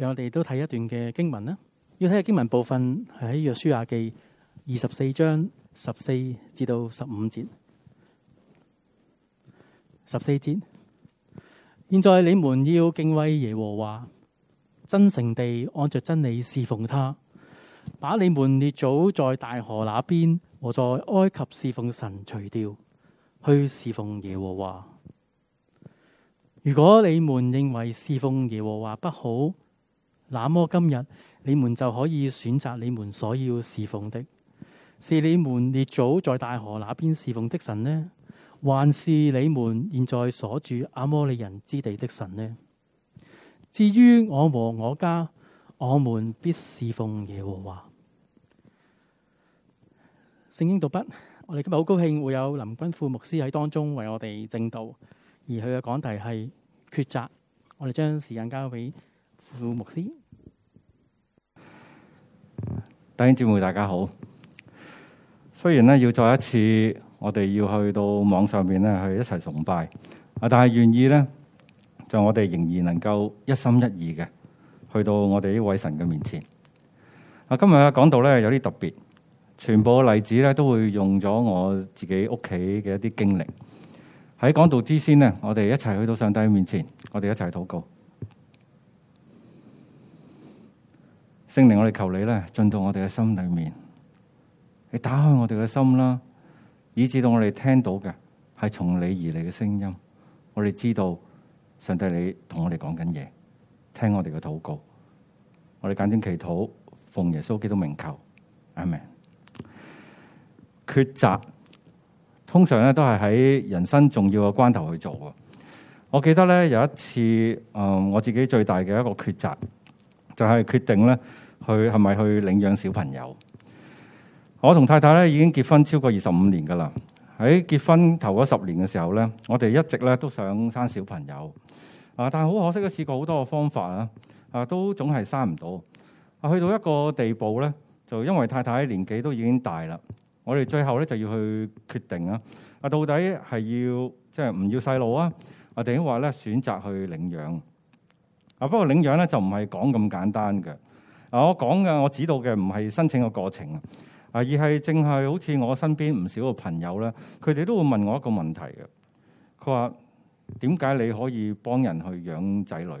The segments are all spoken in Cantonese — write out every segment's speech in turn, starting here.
讓我哋都睇一段嘅經文啦。要睇嘅經文部分係喺約書亞記二十四章十四至到十五節。十四節，現在你們要敬畏耶和華，真誠地按着真理侍奉他，把你們列祖在大河那邊和在埃及侍奉神除掉，去侍奉耶和華。如果你們認為侍奉耶和華不好，那麼今日你們就可以選擇你們所要侍奉的，是你們列祖在大河那邊侍奉的神呢，還是你們現在所住阿摩利人之地的神呢？至於我和我家，我們必侍奉耶和華。聖經讀畢，我哋今日好高興會有林君副牧師喺當中為我哋證道，而佢嘅講題係抉擇。我哋將時間交俾副牧師。弟兄姊妹，大家好。雖然咧要再一次，我哋要去到網上面咧去一齊崇拜，啊，但係願意咧，就我哋仍然能夠一心一意嘅去到我哋呢位神嘅面前。啊，今日嘅講道咧有啲特別，全部嘅例子咧都會用咗我自己屋企嘅一啲經歷。喺講道之先呢，我哋一齊去到上帝面前，我哋一齊禱告。聖靈，我哋求你咧進到我哋嘅心裏面，你打開我哋嘅心啦，以至到我哋聽到嘅係從你而嚟嘅聲音，我哋知道上帝你同我哋講緊嘢，聽我哋嘅禱告，我哋簡短祈禱，奉耶穌基督名求，阿門。抉擇通常咧都係喺人生重要嘅關頭去做嘅。我記得咧有一次，嗯，我自己最大嘅一個抉擇就係、是、決定咧。去係咪去領養小朋友？我同太太咧已經結婚超過二十五年㗎啦。喺結婚頭嗰十年嘅時候咧，我哋一直咧都想生小朋友啊，但係好可惜咧，試過好多嘅方法啊，啊都總係生唔到啊。去到一個地步咧，就因為太太年紀都已經大啦，我哋最後咧就要去決定啦啊，到底係要即係唔要細路啊，定係話咧選擇去領養啊？不過領養咧就唔係講咁簡單嘅。啊！我講嘅，我指導嘅唔係申請嘅過程啊，而係淨係好似我身邊唔少嘅朋友咧，佢哋都會問我一個問題嘅。佢話：點解你可以幫人去養仔女？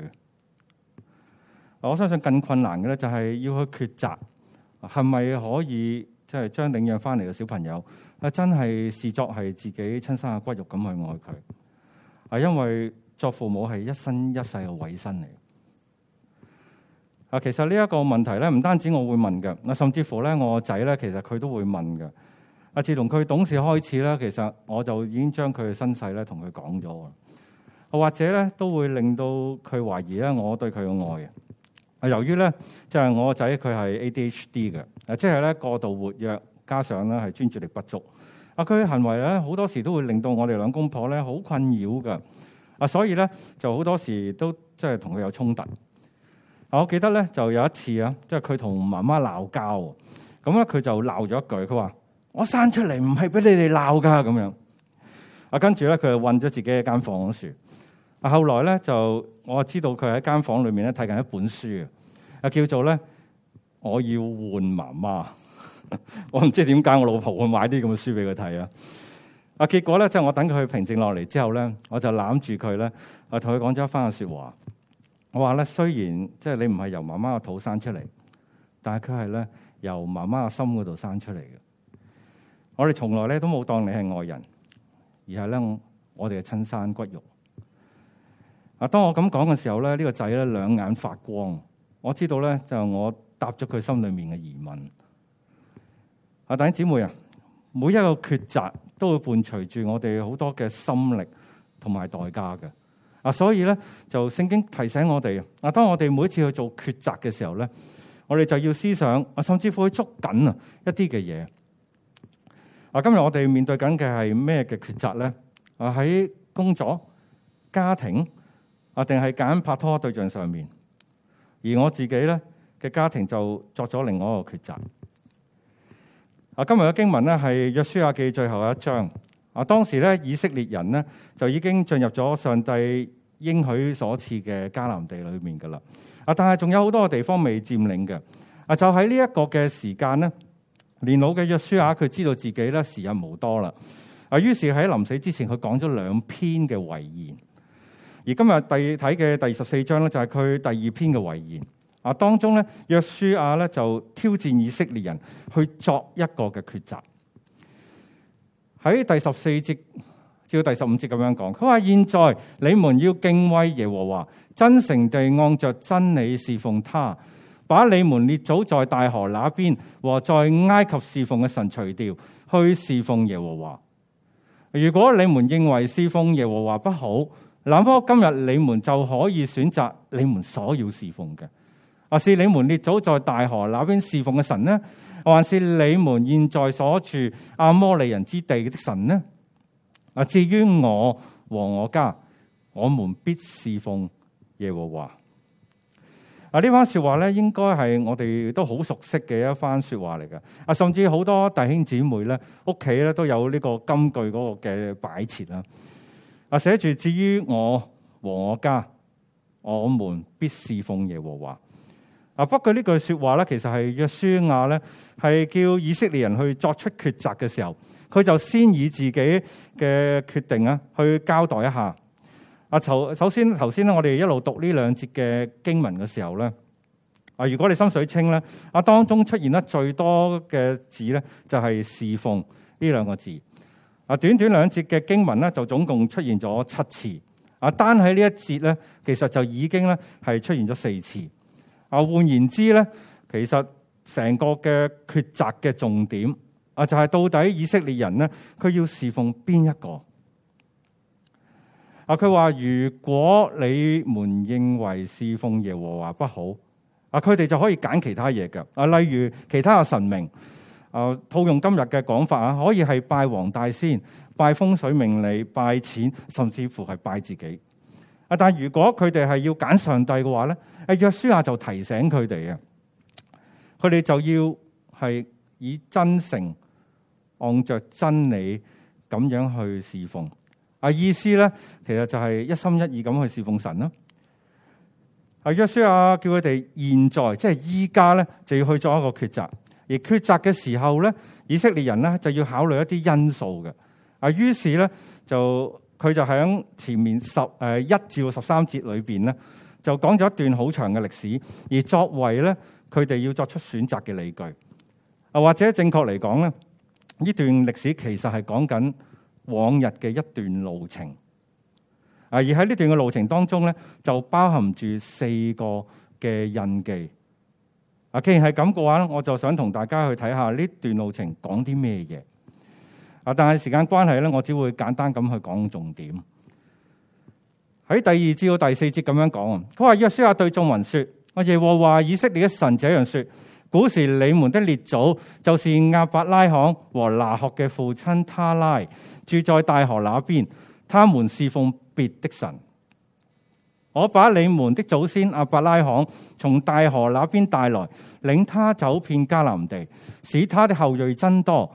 我相信更困難嘅咧，就係要去抉擇係咪可以即係將領養翻嚟嘅小朋友啊，真係視作係自己親生嘅骨肉咁去愛佢。係因為作父母係一生一世嘅委身嚟。啊，其實呢一個問題咧，唔單止我會問嘅，啊，甚至乎咧，我仔咧，其實佢都會問嘅。啊，自從佢懂事開始咧，其實我就已經將佢嘅身世咧同佢講咗。啊，或者咧都會令到佢懷疑咧，我對佢嘅愛嘅。啊，由於咧就係我仔佢係 ADHD 嘅，啊，即係咧過度活躍加上咧係專注力不足。啊，佢嘅行為咧好多時都會令到我哋兩公婆咧好困擾㗎。啊，所以咧就好多時都即係同佢有衝突。我記得咧，就有一次啊，即係佢同媽媽鬧交，咁咧佢就鬧咗一句，佢話：我生出嚟唔係俾你哋鬧噶咁樣。啊，跟住咧佢就困咗自己一間房嗰處。啊，後來咧就我知道佢喺間房裏面咧睇緊一本書啊，叫做咧我要換媽媽。我唔知點解我老婆會買啲咁嘅書俾佢睇啊。啊，結果咧即係我等佢平靜落嚟之後咧，我就攬住佢咧，我同佢講咗一番嘅説話。我話咧，雖然即係你唔係由媽媽嘅肚生出嚟，但係佢係咧由媽媽嘅心嗰度生出嚟嘅。我哋從來咧都冇當你係外人，而係咧我哋嘅親生骨肉。啊，當我咁講嘅時候咧，呢個仔咧兩眼發光，我知道咧就係我答咗佢心裏面嘅疑問。啊，弟兄姊妹啊，每一個抉擇都會伴隨住我哋好多嘅心力同埋代價嘅。啊，所以咧就聖經提醒我哋啊，當我哋每一次去做抉擇嘅時候咧，我哋就要思想，我甚至乎要捉緊啊一啲嘅嘢。啊，今日我哋面對緊嘅係咩嘅抉擇咧？啊，喺工作、家庭啊，定係揀拍拖對象上面。而我自己咧嘅家庭就作咗另外一個抉擇。啊，今日嘅經文咧係約書亞記最後一章。啊！當時咧，以色列人咧就已經進入咗上帝應許所賜嘅迦南地裏面噶啦。啊，但係仲有好多嘅地方未佔領嘅。啊，就喺呢一個嘅時間咧，年老嘅約書亞佢知道自己咧時日無多啦。啊，於是喺臨死之前，佢講咗兩篇嘅遺言。而今日第睇嘅第十四章咧，就係佢第二篇嘅遺言。啊，當中咧，約書亞咧就挑戰以色列人去作一個嘅抉擇。喺第十四節至到第十五節咁樣講，佢話：現在你們要敬畏耶和華，真誠地按着真理侍奉他，把你們列祖在大河那邊和在埃及侍奉嘅神除掉，去侍奉耶和華。如果你們認為侍奉耶和華不好，那麼今日你們就可以選擇你們所要侍奉嘅。或是你們列祖在大河那邊侍奉嘅神呢？還是你們現在所住阿摩利人之地的神呢？啊，至於我和我家，我們必侍奉耶和華。啊，呢番說話咧，應該係我哋都好熟悉嘅一番說話嚟㗎。啊，甚至好多弟兄姊妹咧，屋企咧都有呢個金句嗰個嘅擺設啦。啊，寫住至於我和我家，我們必侍奉耶和華。啊！不過呢句説話咧，其實係約書亞咧，係叫以色列人去作出抉擇嘅時候，佢就先以自己嘅決定啊，去交代一下。啊，首首先頭先咧，我哋一路讀呢兩節嘅經文嘅時候咧，啊，如果你心水清咧，啊，當中出現得最多嘅字咧，就係侍奉呢兩個字。啊，短短兩節嘅經文咧，就總共出現咗七次。啊，單喺呢一節咧，其實就已經咧係出現咗四次。啊，換言之咧，其實成個嘅抉擇嘅重點啊，就係到底以色列人咧，佢要侍奉邊一個？啊，佢話：如果你們認為侍奉耶和華不好，啊，佢哋就可以揀其他嘢嘅。啊，例如其他嘅神明。啊，套用今日嘅講法啊，可以係拜黃大仙、拜風水命理、拜錢，甚至乎係拜自己。啊！但係如果佢哋係要揀上帝嘅話咧，阿約書亞就提醒佢哋嘅，佢哋就要係以真誠、按着真理咁樣去侍奉。啊，意思咧，其實就係一心一意咁去侍奉神啦。阿約書亞叫佢哋現在即係依家咧，就要去做一個抉擇。而抉擇嘅時候咧，以色列人咧就要考慮一啲因素嘅。啊，於是咧就。佢就響前面十誒一至十三節裏邊咧，就講咗一段好長嘅歷史，而作為咧佢哋要作出選擇嘅理據，啊，或者正確嚟講咧，呢段歷史其實係講緊往日嘅一段路程，啊而喺呢段嘅路程當中咧，就包含住四個嘅印記。啊，既然係咁嘅話咧，我就想同大家去睇下呢段路程講啲咩嘢。但係時間關係咧，我只會簡單咁去講重點。喺第二節到第四節咁樣講，佢話約書亞對眾民說：我耶和華以色列的神這樣說：古時你們的列祖就是亞伯拉罕和拿鶴嘅父親他拉，住在大河那邊，他們侍奉別的神。我把你們的祖先亞伯拉罕從大河那邊帶來，領他走遍迦南地，使他的後裔增多。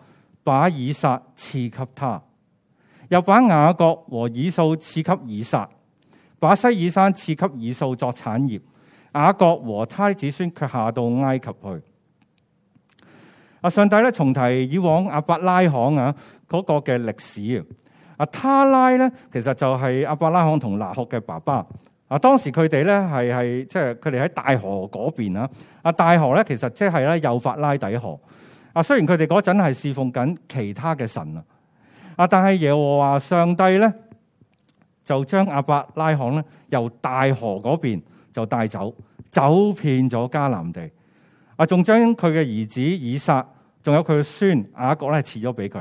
把以撒賜給他，又把雅各和以掃賜給以撒，把西珥山賜給以掃作產業。雅各和他子孫卻下到埃及去。啊，上帝咧重提以往阿伯拉罕啊嗰個嘅歷史啊，他拉咧其實就係阿伯拉罕同拿鶴嘅爸爸啊。當時佢哋咧係係即係佢哋喺大河嗰邊啊。啊，大河咧其實即係咧幼發拉底河。啊，雖然佢哋嗰陣係侍奉緊其他嘅神啊，啊，但係耶和華上帝咧就將亞伯拉罕咧由大河嗰邊就帶走，走遍咗迦南地，啊，仲將佢嘅兒子以撒，仲有佢嘅孫雅各咧，賜咗俾佢。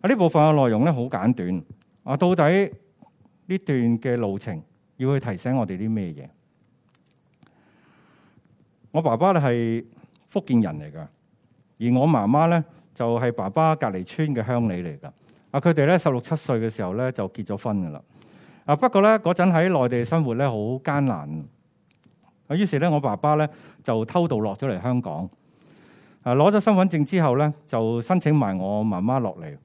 啊，呢部分嘅內容咧好簡短，啊，到底呢段嘅路程要去提醒我哋啲咩嘢？我爸爸咧係福建人嚟㗎。而我媽媽咧就係、是、爸爸隔離村嘅鄉里嚟㗎。啊，佢哋咧十六七歲嘅時候咧就結咗婚㗎啦。啊，不過咧嗰陣喺內地生活咧好艱難。啊，於是咧我爸爸咧就偷渡落咗嚟香港。啊，攞咗身份證之後咧就申請埋我媽媽落嚟。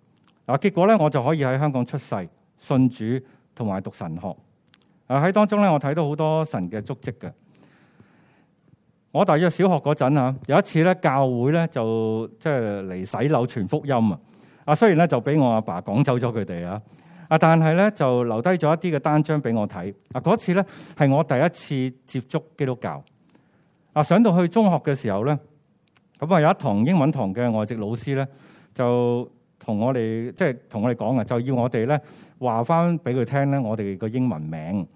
嗱，結果咧我就可以喺香港出世、信主同埋讀神學。啊，喺當中咧我睇到好多神嘅足跡㗎。我大約小學嗰陣啊，有一次咧教會咧就即係嚟洗樓傳福音啊！啊，雖然咧就俾我阿爸趕走咗佢哋啊，啊，但係咧就留低咗一啲嘅單張俾我睇。嗱，嗰次咧係我第一次接觸基督教。啊，上到去中學嘅時候咧，咁啊有一堂英文堂嘅外籍老師咧，就同我哋即係同我哋講啊，就要我哋咧話翻俾佢聽咧，我哋個英文名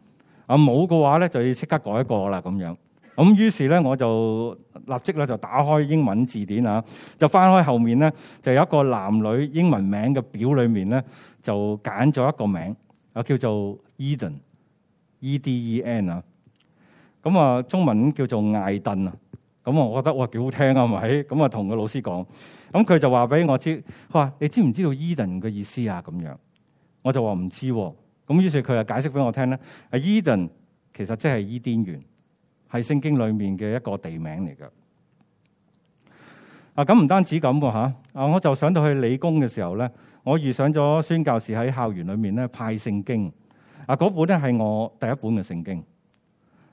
啊冇嘅話咧就要即刻改一個啦咁樣。咁於是咧，我就立即咧就打開英文字典啊，就翻開後面咧，就有一個男女英文名嘅表裏面咧，就揀咗一個名啊，叫做 Eden, E-D-E-N 啊。咁啊，中文叫做艾頓啊。咁我覺得哇，幾好聽啊，咪咁啊，同個老師講。咁佢就話俾我知，佢話你知唔知道 Eden 嘅意思啊？咁樣，我就話唔知。咁於是佢就解釋俾我聽咧，Eden 其實即係伊甸園。係聖經裏面嘅一個地名嚟嘅。啊，咁唔單止咁吓，啊，我就上到去理工嘅時候咧，我遇上咗宣教士喺校園裏面咧派聖經。啊，嗰本咧係我第一本嘅聖經。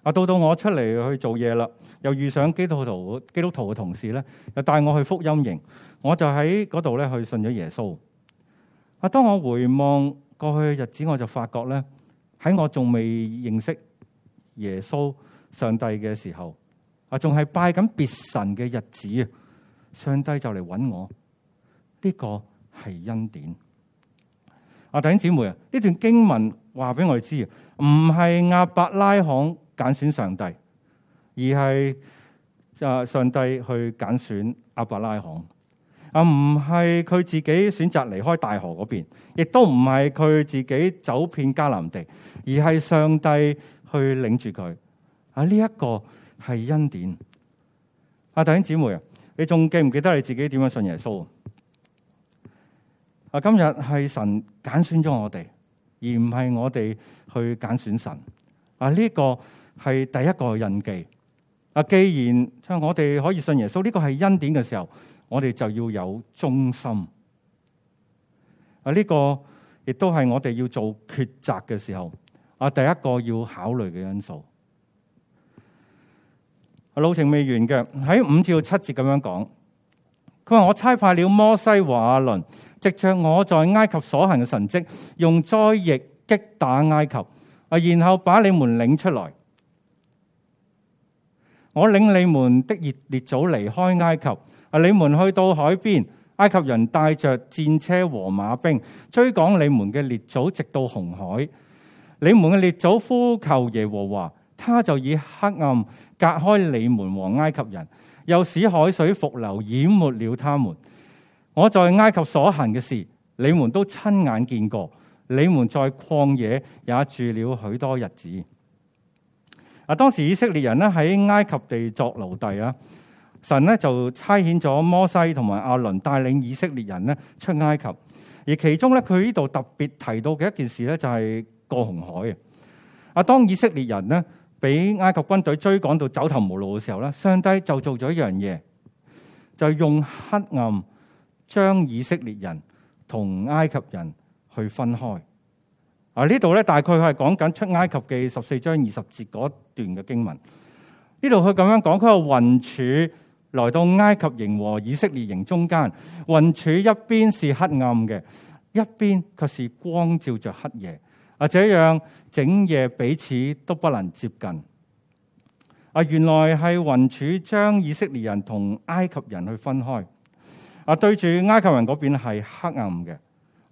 啊，到到我出嚟去做嘢啦，又遇上基督徒基督徒嘅同事咧，又帶我去福音營，我就喺嗰度咧去信咗耶穌。啊，當我回望過去嘅日子，我就發覺咧，喺我仲未認識耶穌上帝嘅時候啊，仲係拜緊別神嘅日子，上帝就嚟揾我呢個係恩典啊！弟兄姊妹啊，呢段經文話俾我哋知，唔係亞伯拉罕揀選上帝，而係上帝去揀選亞伯拉罕啊，唔係佢自己選擇離開大河嗰邊，亦都唔係佢自己走遍迦南地，而係上帝去領住佢。啊！呢一個係恩典啊，弟兄姊妹啊，你仲記唔記得你自己點樣信耶穌啊？今日係神揀選咗我哋，而唔係我哋去揀選神啊。呢個係第一個印記啊。既然即係我哋可以信耶穌，呢個係恩典嘅時候，我哋就要有忠心啊。呢個亦都係我哋要做抉擇嘅時候啊，第一個要考慮嘅因素。路程未完嘅，喺五至到七節咁樣講。佢話我差派了摩西、亞倫，藉着我在埃及所行嘅神跡，用災疫擊打埃及，啊，然後把你們領出來。我領你們的列祖離開埃及，啊，你們去到海邊，埃及人帶着戰車和馬兵追趕你們嘅列祖，直到紅海。你們嘅列祖呼求耶和華，他就以黑暗。隔開你們和埃及人，又使海水復流，淹沒了他們。我在埃及所行嘅事，你們都親眼見過。你們在曠野也住了許多日子。啊，當時以色列人咧喺埃及地作奴隸，啊，神咧就差遣咗摩西同埋阿倫帶領以色列人咧出埃及。而其中咧，佢呢度特別提到嘅一件事咧，就係過紅海啊，當以色列人俾埃及軍隊追趕到走投無路嘅時候咧，上帝就做咗一樣嘢，就用黑暗將以色列人同埃及人去分開。啊，呢度咧大概係講緊出埃及記十四章二十節嗰段嘅經文。呢度佢咁樣講，佢個雲柱來到埃及營和以色列營中間，雲柱一邊是黑暗嘅，一邊卻是光照着黑夜。啊，整夜彼此都不能接近。啊，原來係雲柱將以色列人同埃及人去分開。啊，對住埃及人嗰邊係黑暗嘅。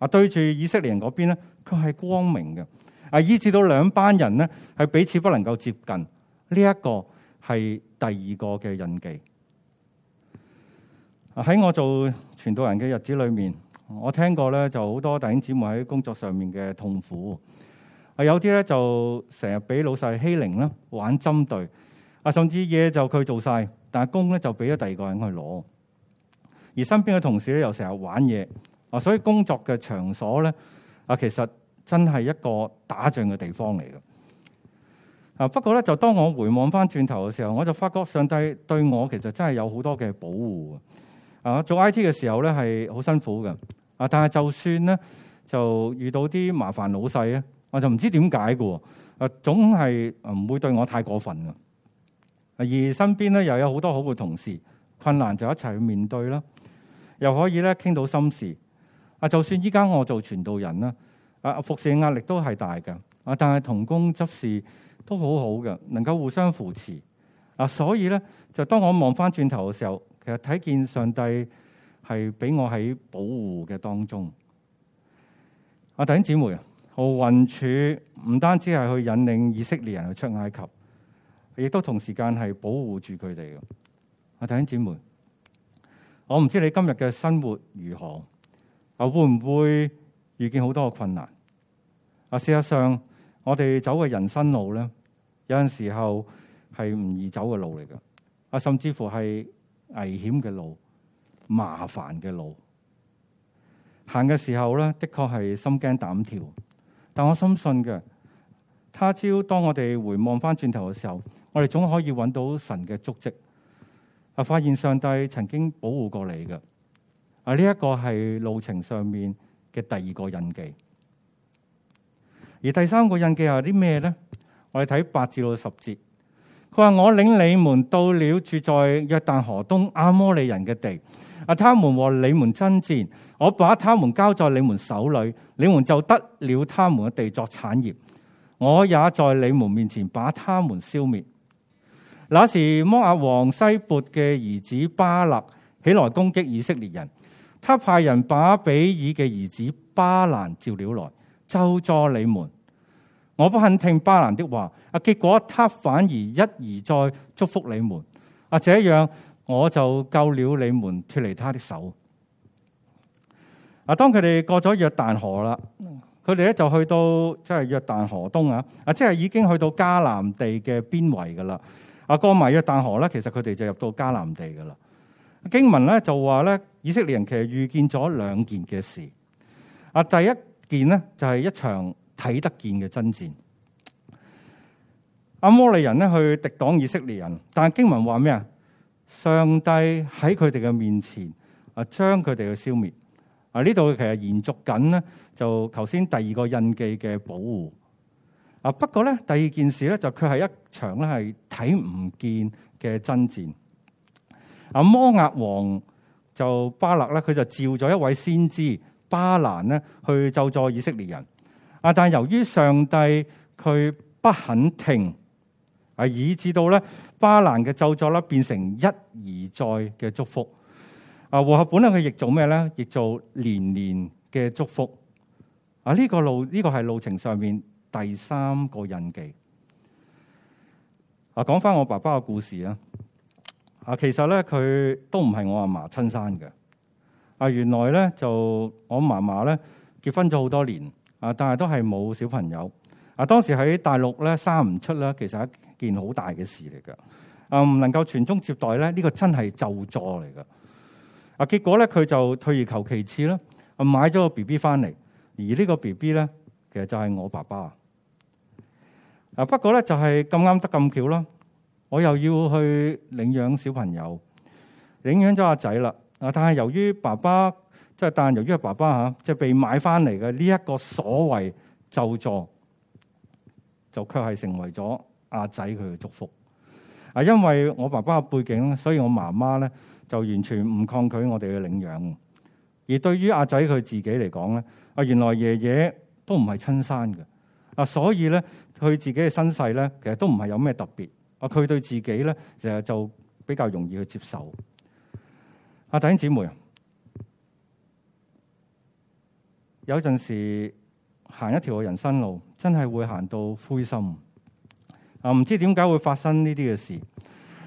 啊，對住以色列人嗰邊咧，佢係光明嘅。啊，以至到兩班人咧係彼此不能夠接近。呢一個係第二個嘅印記。喺我做傳道人嘅日子裏面，我聽過咧就好多弟兄姊妹喺工作上面嘅痛苦。啊！有啲咧就成日俾老細欺凌啦，玩針對啊，甚至嘢就佢做晒，但係工咧就俾咗第二個人去攞。而身邊嘅同事咧又成日玩嘢啊，所以工作嘅場所咧啊，其實真係一個打仗嘅地方嚟嘅啊。不過咧，就當我回望翻轉頭嘅時候，我就發覺上帝對我其實真係有好多嘅保護啊。做 IT 嘅時候咧係好辛苦嘅啊，但係就算咧就遇到啲麻煩老細咧，我就唔知點解嘅，啊，總係唔會對我太過分嘅。而身邊咧又有好多好嘅同事，困難就一齊去面對啦，又可以咧傾到心事。啊，就算依家我做傳道人啦，啊，服侍壓力都係大嘅。啊，但係同工執事都好好嘅，能夠互相扶持。啊，所以咧就當我望翻轉頭嘅時候，其實睇見上帝係俾我喺保護嘅當中。啊，弟兄姊妹啊！敖雲柱唔單止係去引領以色列人去出埃及，亦都同時間係保護住佢哋嘅。啊，弟兄姊妹，我唔知你今日嘅生活如何，啊，會唔會遇見好多嘅困難？啊，事實上我哋走嘅人生路咧，有陣時候係唔易走嘅路嚟㗎，啊，甚至乎係危險嘅路、麻煩嘅路，行嘅時候咧，的確係心驚膽跳。但我深信嘅，他朝當我哋回望翻轉頭嘅時候，我哋總可以揾到神嘅足迹，啊！發現上帝曾經保護過你嘅，啊！呢一個係路程上面嘅第二個印記。而第三個印記係啲咩咧？我哋睇八至到十節，佢話，我領你們到了住在約旦河東阿摩利人嘅地。啊！他們和你們爭戰，我把他們交在你們手裏，你們就得了他們嘅地作產業。我也在你們面前把他們消滅。那時摩亞王西撥嘅兒子巴勒起來攻擊以色列人，他派人把比珥嘅兒子巴蘭召了來，咒詛你們。我不肯聽巴蘭的話，啊！結果他反而一而再祝福你們，啊！這樣。我就救了你們脫離他的手。啊，當佢哋過咗約旦河啦，佢哋咧就去到即係約旦河東啊，啊即係已經去到迦南地嘅邊圍噶啦。啊過埋約旦河咧，其實佢哋就入到迦南地噶啦。經文咧就話咧，以色列人其實遇見咗兩件嘅事。啊，第一件呢，就係一場睇得見嘅爭戰。阿摩利人咧去敵擋以色列人，但係經文話咩啊？上帝喺佢哋嘅面前啊，將佢哋去消滅啊！呢度其實延續緊咧，就頭先第二個印記嘅保護啊。不過咧，第二件事咧就佢係一場咧係睇唔見嘅爭戰啊。摩押王就巴勒咧，佢就召咗一位先知巴蘭咧去咒詛以色列人啊。但係由於上帝佢不肯停。啊，以致到咧巴蘭嘅咒作啦，變成一而再嘅祝福。啊，和合本咧佢亦做咩咧？亦做年年嘅祝福。啊，呢個路呢個係路程上面第三個印記。啊，講翻我爸爸嘅故事啊。啊，其實咧佢都唔係我阿嫲親生嘅。啊，原來咧就我嫲嫲咧結婚咗好多年，啊，但係都係冇小朋友。啊！當時喺大陸咧生唔出咧，其實係一件好大嘅事嚟㗎。嗯，能夠傳宗接代咧，呢、這個真係就助嚟㗎。啊，結果咧佢就退而求其次啦，買咗個 B B 翻嚟，而呢個 B B 咧其實就係我爸爸啊。不過咧就係咁啱得咁巧啦，我又要去領養小朋友，領養咗阿仔啦。啊，但係由於爸爸即係但係由於阿爸爸嚇即係被買翻嚟嘅呢一個所謂就助。就卻係成為咗阿仔佢嘅祝福啊！因為我爸爸嘅背景，所以我媽媽咧就完全唔抗拒我哋嘅領養。而對於阿仔佢自己嚟講咧，啊原來爺爺都唔係親生嘅啊，所以咧佢自己嘅身世咧，其實都唔係有咩特別啊。佢對自己咧，其實就比較容易去接受。阿弟兄姊妹啊，有陣時。行一條嘅人生路，真係會行到灰心啊！唔知點解會發生呢啲嘅事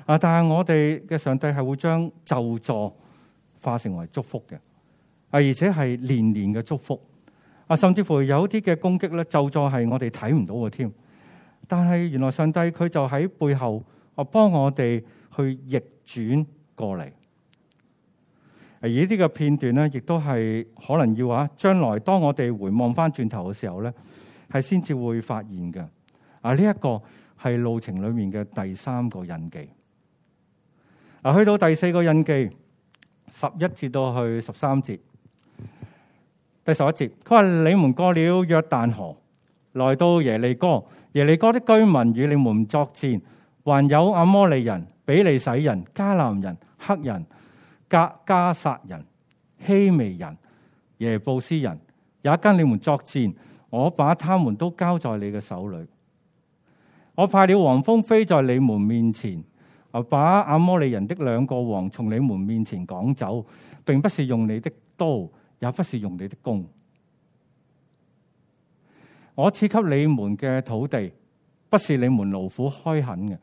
啊？但係我哋嘅上帝係會將咒詛化成為祝福嘅啊，而且係年年嘅祝福啊，甚至乎有啲嘅攻擊咧，咒詛係我哋睇唔到嘅添。但係原來上帝佢就喺背後，啊幫我哋去逆轉過嚟。而呢啲嘅片段咧，亦都係可能要啊，將來當我哋回望翻轉頭嘅時候咧，係先至會發現嘅。啊，呢一個係路程裏面嘅第三個印記。啊，去到第四個印記，十一節到去十三節，第十一節，佢話：你們過了約旦河，來到耶利哥，耶利哥的居民與你們作戰，還有阿摩利人、比利洗人、迦南人、黑人。加加殺人、希未人、耶布斯人，也跟你們作戰。我把他們都交在你嘅手裏。我派了黃蜂飛在你們面前，啊，把阿摩利人的兩個王從你們面前趕走，並不是用你的刀，也不是用你的弓。我賜給你們嘅土地，不是你們勞苦開墾嘅；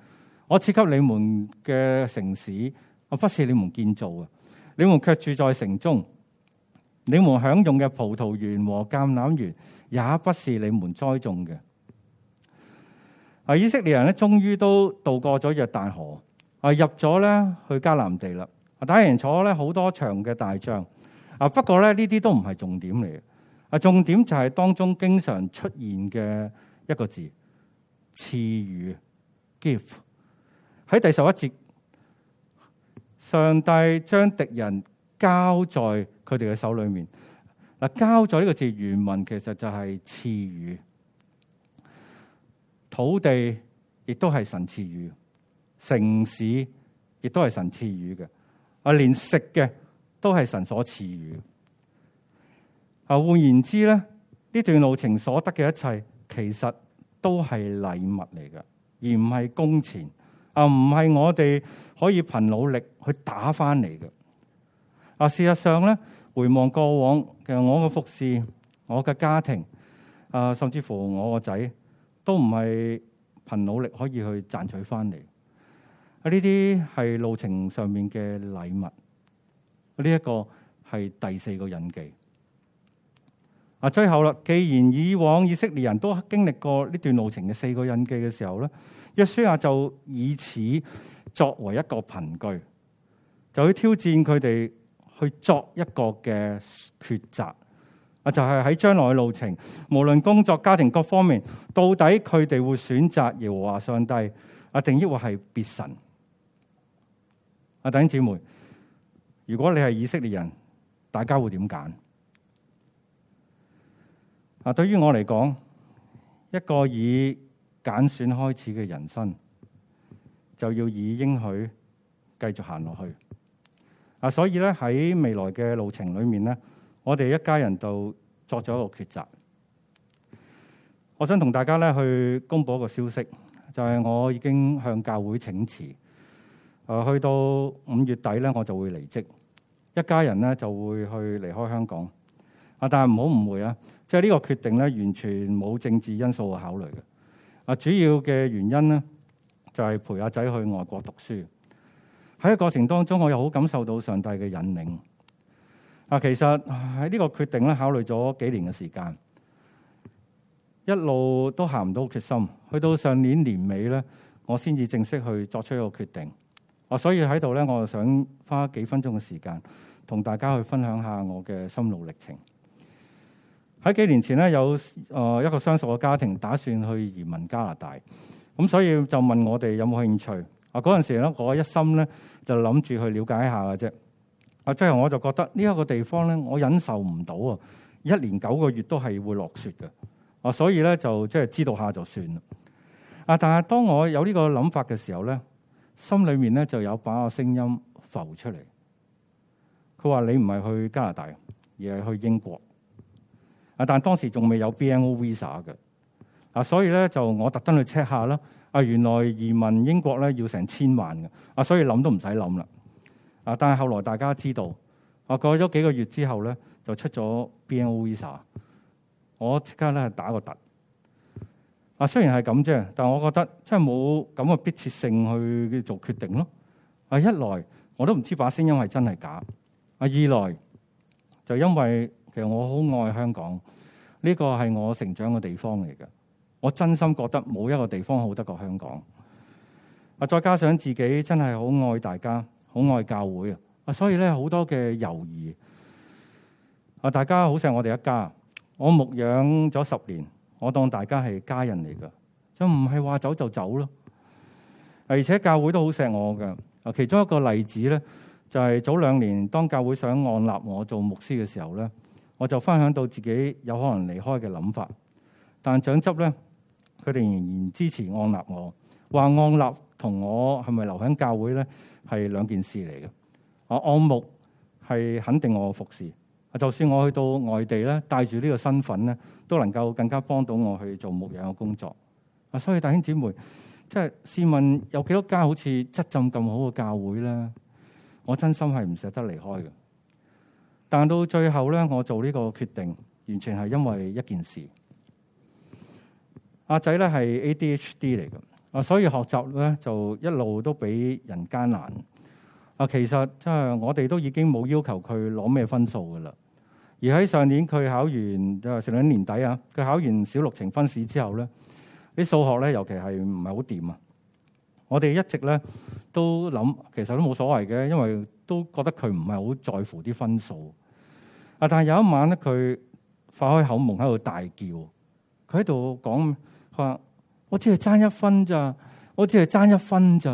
我賜給你們嘅城市，我不是你們建造嘅。你們卻住在城中，你們享用嘅葡萄園和橄欖園，也不是你們栽種嘅。啊，以色列人咧，終於都渡過咗約旦河，啊，入咗咧去迦南地啦。啊，打贏咗咧好多場嘅大仗，啊，不過咧呢啲都唔係重點嚟嘅。啊，重點就係當中經常出現嘅一個字賜予，give。喺第十一節。上帝將敵人交在佢哋嘅手裏面。嗱，交在呢個字，原文其實就係賜予。土地亦都係神賜予，城市亦都係神賜予嘅。啊，連食嘅都係神所賜予。啊，換言之咧，呢段路程所得嘅一切，其實都係禮物嚟嘅，而唔係工錢。啊，唔係我哋可以憑努力去打翻嚟嘅。啊，事實上咧，回望過往，其實我嘅服侍、我嘅家庭，啊，甚至乎我個仔，都唔係憑努力可以去賺取翻嚟。啊，呢啲係路程上面嘅禮物。呢、這、一個係第四個印記。啊，最後啦，既然以往以色列人都經歷過呢段路程嘅四個印記嘅時候咧。約書亞，就以此作為一個憑據，就去挑戰佢哋去作一個嘅抉擇啊！就係、是、喺將來嘅路程，無論工作、家庭各方面，到底佢哋會選擇耶和華上帝啊，定抑或係別神？啊，弟兄姊妹，如果你係以色列人，大家會點揀？啊，對於我嚟講，一個以揀選開始嘅人生就要以應許繼續行落去啊，所以咧喺未來嘅路程裏面咧，我哋一家人就作咗一個抉擇。我想同大家咧去公布一個消息，就係我已經向教會請辭，啊，去到五月底咧，我就會離職，一家人咧就會去離開香港啊。但係唔好誤會啊，即係呢個決定咧，完全冇政治因素嘅考慮嘅。啊，主要嘅原因咧，就係陪阿仔去外國讀書。喺個過程當中，我又好感受到上帝嘅引領。啊，其實喺呢個決定咧，考慮咗幾年嘅時間，一路都行唔到決心。去到上年年尾咧，我先至正式去作出一個決定。啊，所以喺度咧，我就想花幾分鐘嘅時間，同大家去分享下我嘅心路歷程。喺幾年前咧，有誒一個相熟嘅家庭打算去移民加拿大，咁所以就問我哋有冇興趣啊。嗰陣時咧，我一心咧就諗住去了解一下嘅啫。啊，最後我就覺得呢一個地方咧，我忍受唔到啊，一年九個月都係會落雪嘅啊，所以咧就即係知道一下就算啦。啊，但係當我有呢個諗法嘅時候咧，心裡面咧就有把個聲音浮出嚟，佢話你唔係去加拿大，而係去英國。啊！但當時仲未有 BNO visa 嘅，啊，所以咧就我特登去 check 下啦。啊，原來移民英國咧要成千萬嘅，啊，所以諗都唔使諗啦。啊！但係後來大家知道，啊，過咗幾個月之後咧就出咗 BNO visa。我即刻咧係打個突。啊，雖然係咁啫，但係我覺得真係冇咁嘅迫切性去做決定咯。啊，一來我都唔知把聲音係真係假。啊，二來就因為。我好愛香港，呢、這個係我成長嘅地方嚟嘅。我真心覺得冇一個地方好得過香港。啊，再加上自己真係好愛大家，好愛教會啊，所以咧好多嘅猶豫啊。大家好錫我哋一家，我牧養咗十年，我當大家係家人嚟噶，就唔係話走就走咯。而且教會都好錫我噶啊。其中一個例子咧，就係、是、早兩年當教會想按立我做牧師嘅時候咧。我就分享到自己有可能離開嘅諗法，但長執咧，佢哋仍然支持按立我，話按立同我係咪留響教會咧，係兩件事嚟嘅。啊，按牧係肯定我嘅服侍，啊，就算我去到外地咧，帶住呢個身份咧，都能夠更加幫到我去做牧養嘅工作。啊，所以弟兄姊妹，即係試問有幾多間好似質浸咁好嘅教會咧？我真心係唔捨得離開嘅。但到最後咧，我做呢個決定，完全係因為一件事呢。阿仔咧係 ADHD 嚟嘅，啊，所以學習咧就一路都俾人艱難。啊，其實真係我哋都已經冇要求佢攞咩分數㗎啦。而喺上年佢考完，就上年年底啊，佢考完小六呈分試之後咧，啲數學咧尤其係唔係好掂啊！我哋一直咧都諗，其實都冇所謂嘅，因為，都覺得佢唔係好在乎啲分數啊！但係有一晚咧，佢發開口夢喺度大叫，佢喺度講：佢話我只係爭一分咋，我只係爭一分咋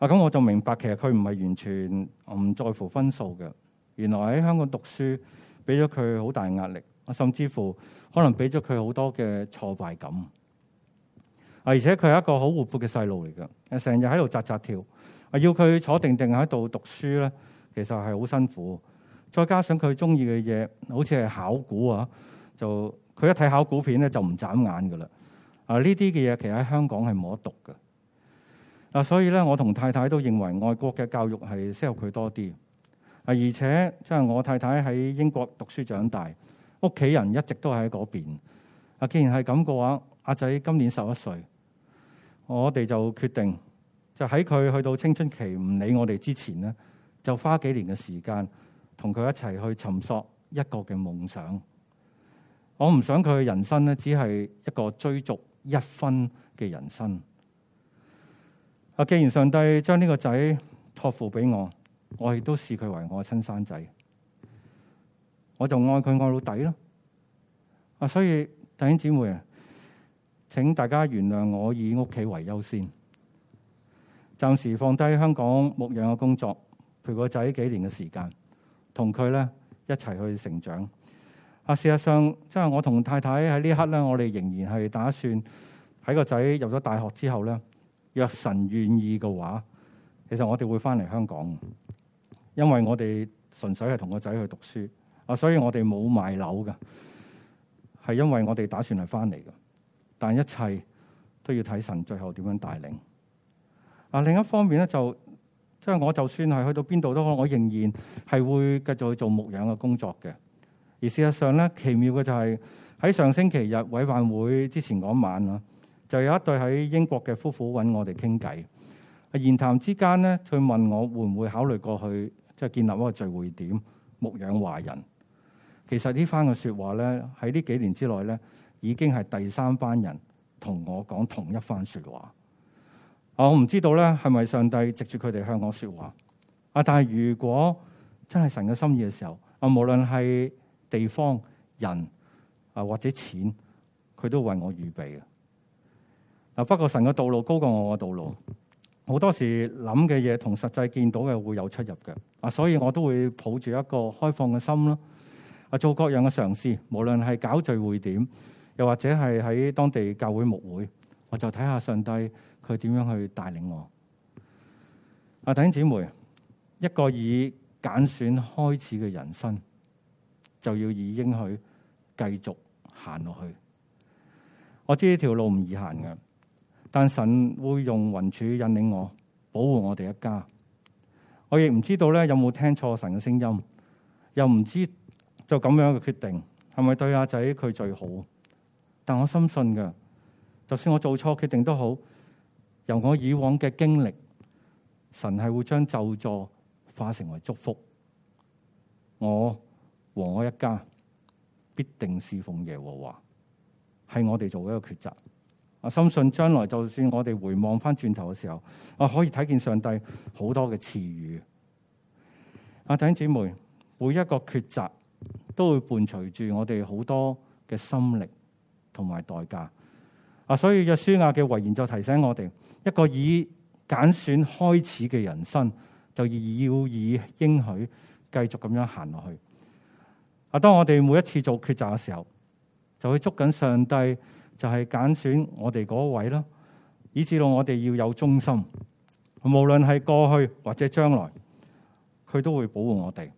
啊！咁我就明白，其實佢唔係完全唔在乎分數嘅。原來喺香港讀書俾咗佢好大壓力，甚至乎可能俾咗佢好多嘅挫敗感啊！而且佢係一個好活潑嘅細路嚟嘅，成日喺度扎扎跳。啊！要佢坐定定喺度讀書咧，其實係好辛苦。再加上佢中意嘅嘢，好似係考古啊，就佢一睇考古片咧就唔眨眼㗎喇。啊！呢啲嘅嘢其實喺香港係冇得讀嘅。啊，所以咧，我同太太都認為外國嘅教育係適合佢多啲。啊，而且即係、就是、我太太喺英國讀書長大，屋企人一直都喺嗰邊。啊，既然係咁嘅話，阿仔今年十一歲，我哋就決定。就喺佢去到青春期唔理我哋之前咧，就花幾年嘅時間同佢一齊去尋索一個嘅夢想。我唔想佢嘅人生咧，只係一個追逐一分嘅人生。啊，既然上帝將呢個仔託付俾我，我亦都視佢為我親生仔，我就愛佢愛到底咯。啊，所以弟兄姊妹啊，請大家原諒我以屋企為優先。暫時放低香港牧養嘅工作，陪個仔幾年嘅時間，同佢咧一齊去成長。啊，事實上，即係我同太太喺呢刻咧，我哋仍然係打算喺個仔入咗大學之後咧，若神願意嘅話，其實我哋會翻嚟香港。因為我哋純粹係同個仔去讀書，啊，所以我哋冇賣樓㗎，係因為我哋打算係翻嚟嘅，但一切都要睇神最後點樣帶領。啊，另一方面咧，就即係、就是、我就算係去到邊度都好，我仍然係會繼續去做牧養嘅工作嘅。而事實上咧，奇妙嘅就係、是、喺上星期日委辦會之前嗰晚啊，就有一對喺英國嘅夫婦揾我哋傾偈。言談之間咧，佢問我會唔會考慮過去即係、就是、建立一個聚會點牧養華人。其實這番呢番嘅説話咧，喺呢幾年之內咧，已經係第三班人同我講同一番説話。我唔知道咧，係咪上帝藉住佢哋向我說話啊？但係如果真係神嘅心意嘅時候，啊，無論係地方人啊，或者錢，佢都為我預備嘅啊。不過神嘅道路高過我嘅道路，好多時諗嘅嘢同實際見到嘅會有出入嘅啊，所以我都會抱住一個開放嘅心咯啊，做各樣嘅嘗試，無論係搞聚會點，又或者係喺當地教會牧會，我就睇下上帝，佢點樣去帶領我啊？弟兄姊妹，一個以揀選開始嘅人生，就要以應許繼續行落去。我知呢條路唔易行嘅，但神會用雲柱引領我，保護我哋一家。我亦唔知道咧，有冇聽錯神嘅聲音，又唔知做咁樣嘅決定係咪對阿仔佢最好？但我深信嘅，就算我做錯決定都好。由我以往嘅經歷，神係會將咒詛化成為祝福，我和我一家必定侍奉耶和華，係我哋做嘅一個抉擇。我深信將來就算我哋回望翻轉頭嘅時候，我可以睇見上帝好多嘅賜予。阿弟兄姊妹，每一個抉擇都會伴隨住我哋好多嘅心力同埋代價。啊！所以，約書亞嘅遺言就提醒我哋，一個以揀選開始嘅人生，就要以應許繼續咁樣行落去。啊！當我哋每一次做抉擇嘅時候，就去捉緊上帝就係揀選我哋嗰位啦，以至到我哋要有忠心，無論係過去或者將來，佢都會保護我哋，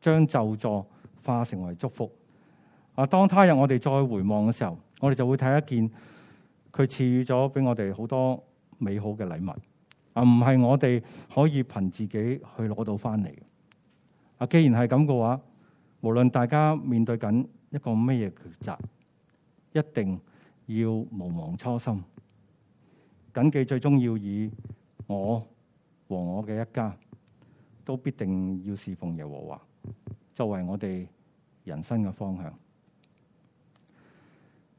將就助化成為祝福。啊！當他日我哋再回望嘅時候，我哋就會睇一件。佢賜予咗俾我哋好多美好嘅禮物啊，唔係我哋可以憑自己去攞到翻嚟嘅啊。既然係咁嘅話，無論大家面對緊一個乜嘢抉擇，一定要無忘初心，謹記最終要以我和我嘅一家都必定要侍奉耶和華，作為我哋人生嘅方向。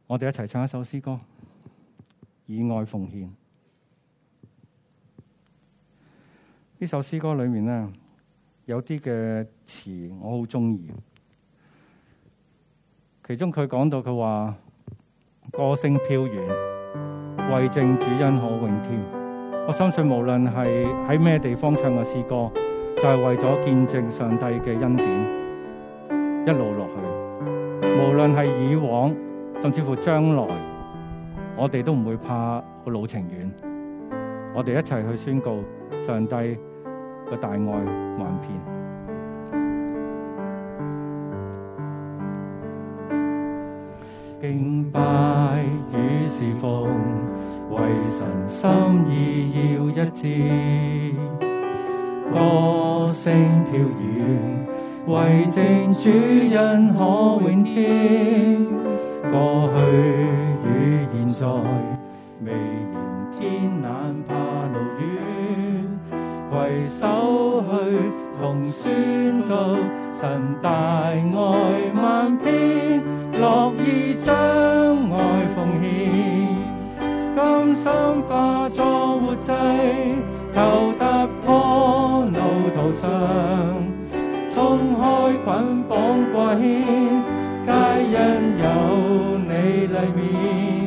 我哋一齊唱一首詩歌。以愛奉獻呢首詩歌裏面呢，有啲嘅詞我好中意。其中佢講到佢話：歌聲飄遠，為政主恩可永添。我深信無論係喺咩地方唱個詩歌，就係、是、為咗見證上帝嘅恩典，一路落去。無論係以往，甚至乎將來。我哋都唔會怕老情願，我哋一齊去宣告上帝嘅大愛萬遍。敬拜與侍奉，為神心意要一致，歌聲飄遠，為正主人可永天過去與在未言天冷，怕路遠，攜手去同宣告神大愛萬篇，樂意將愛奉獻。甘心化作活祭，求踏破路途上，沖開捆綁掛牽，皆因有你裏面。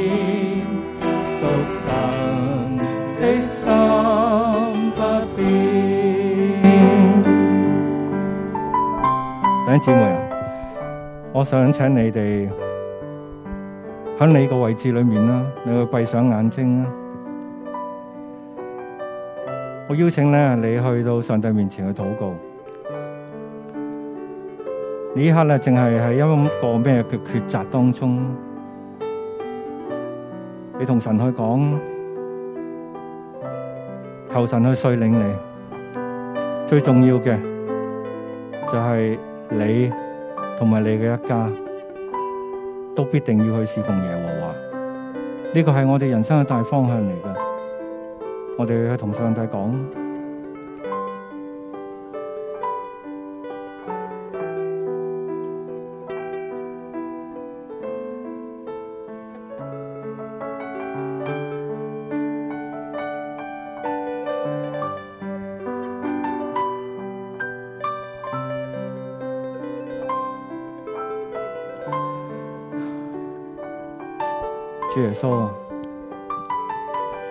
姐妹啊，我想請你哋喺你個位置裏面，你去閉上眼睛。我邀請你去到上帝面前去禱告。你依刻咧，正係喺一個咩嘅抉擇當中？你同神去講，求神去率領你。最重要嘅就係、是。你同埋你嘅一家都必定要去侍奉耶和華，呢個係我哋人生嘅大方向嚟嘅。我哋去同上帝講。耶穌，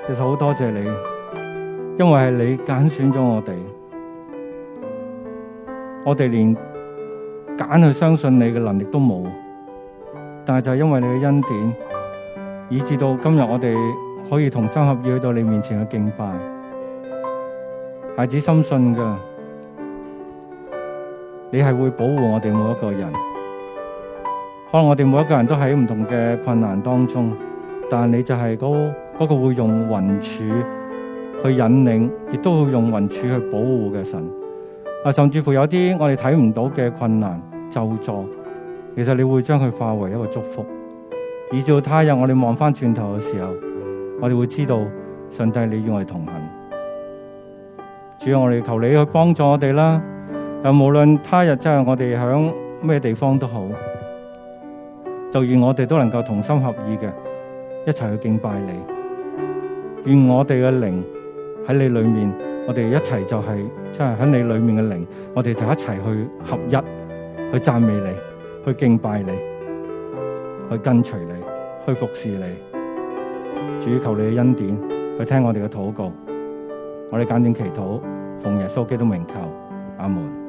其實好多謝你，因為係你揀選咗我哋，我哋連揀去相信你嘅能力都冇，但係就係因為你嘅恩典，以至到今日我哋可以同心合意去到你面前嘅敬拜。孩子深信嘅，你係會保護我哋每一個人。可能我哋每一個人都喺唔同嘅困難當中。但係你就係嗰、嗰個、嗰個會用雲柱去引領，亦都會用雲柱去保護嘅神。啊，甚至乎有啲我哋睇唔到嘅困難、咒詛。其實你會將佢化為一個祝福。以至到他日我哋望翻轉頭嘅時候，我哋會知道上帝你與我同行。主啊，我哋求你去幫助我哋啦。啊，無論他日真係我哋響咩地方都好，就願我哋都能夠同心合意嘅。一齊去敬拜你，願我哋嘅靈喺你裏面，我哋一齊就係、是，即係喺你裏面嘅靈，我哋就一齊去合一，去讚美你，去敬拜你，去跟隨你，去服侍你，主求你嘅恩典，去聽我哋嘅禱告，我哋簡正祈禱，奉耶穌基督名求，阿門。